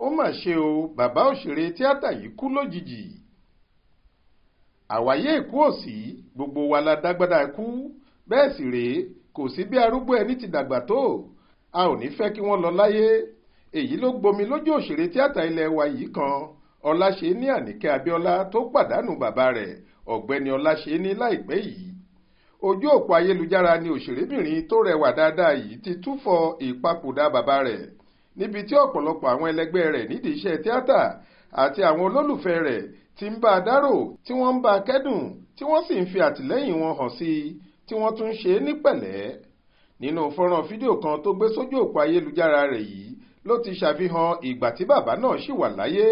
ó mà ṣe o bàbá òṣèré tíátà yìí kú lójijì àwáyé ìkú òsì gbogbo wa la dágbádá ikú bẹ́ẹ̀ sì rèé kò sí bí arúgbó ẹni ti dàgbà tó a ò ní fẹ́ kí wọ́n lọ láyé èyí ló gbomi lójú òṣèré tíátà ilẹ̀ wa yìí kan ọláṣẹ́ni àníkẹ́ abíọ́lá tó pàdánù bàbá rẹ̀ ọ̀gbẹ́ni ọláṣẹ́ni láìpẹ́ yìí ojú òpó ayélujára ni òṣèrébìnrin tó rẹwà dáadáa yìí ti túfọ̀ ìpapòdà bàbá rẹ̀ níbi tí ọ̀pọ̀lọpọ̀ àwọn ẹlẹgbẹ́ rẹ̀ nídìí iṣẹ́ tíátà àti àwọn olólùfẹ́ rẹ̀ ti ń bá a dárò tí wọ́n ń bá a kẹ́dùn tí wọ́n sì ń fi àtìlẹ́yìn wọn hàn sí i tí wọ́n tún ń ṣe é ní pẹ̀lẹ́ nínú fọ́nrán fídíò kan tó gbé sójú òpó ayélujára rẹ̀ yìí ló ti ṣàfihàn ìgbà tí bàbá náà ṣì wà láyé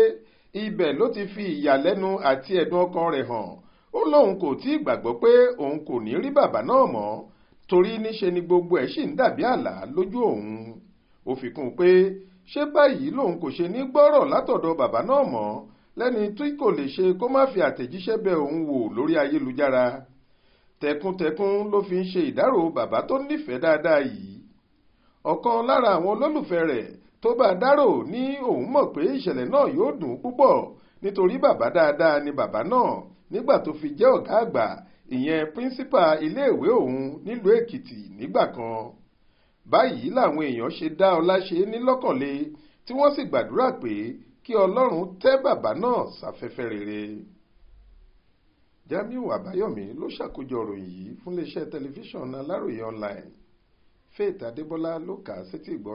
ibẹ̀ ló ti fi ìyàlẹ́nu àti ẹ̀dùn ọkàn rẹ̀ hàn ó lóun kò tí ì gbàgbọ́ pé òun kò ní rí bàbá náà mọ́ torí níṣe ni gbogbo ẹ̀ ṣì ń dàbí àlá lójú òun ó fi kún un pé ṣé báyìí lòun kò ṣe ní gbọ́rọ̀ látọ̀dọ̀ bàbá náà mọ́ lẹ́ni tí kò lè ṣe kó má fi àtẹ̀jíṣẹ́ bẹ òun wò lórí ayélujára tẹkuntẹkun ló fi ń ṣe ìdárò bàbá tó nífẹ̀ẹ́ dáadáa yìí ọ̀kan lára àwọn olólùfẹ́ rẹ̀ tó bá dárò ní òun mọ̀ pé ìṣẹ̀lẹ̀ náà yóò dùn púpọ̀ nítorí bàbá dáadáa ni bàbá náà nígbà tó fi jẹ́ ọ̀gá àgbà ìyẹn píńsípà iléèwé òun nílùú èkìtì nígbà kan báyìí làwọn èèyàn ṣe dá Ọláṣe nílọ́kànlé tí wọ́n sì gbàdúrà pé kí Ọlọ́run tẹ́ bàbá náà sáfẹ́fẹ́ rere. Jamiu Àbáyọ̀mí ló ṣàkójọ ìròyìn yìí fún iléeṣẹ́ tẹlifíṣàn Aláròye online Faith Adébọ́lá ló kà á sétí ìgbọ́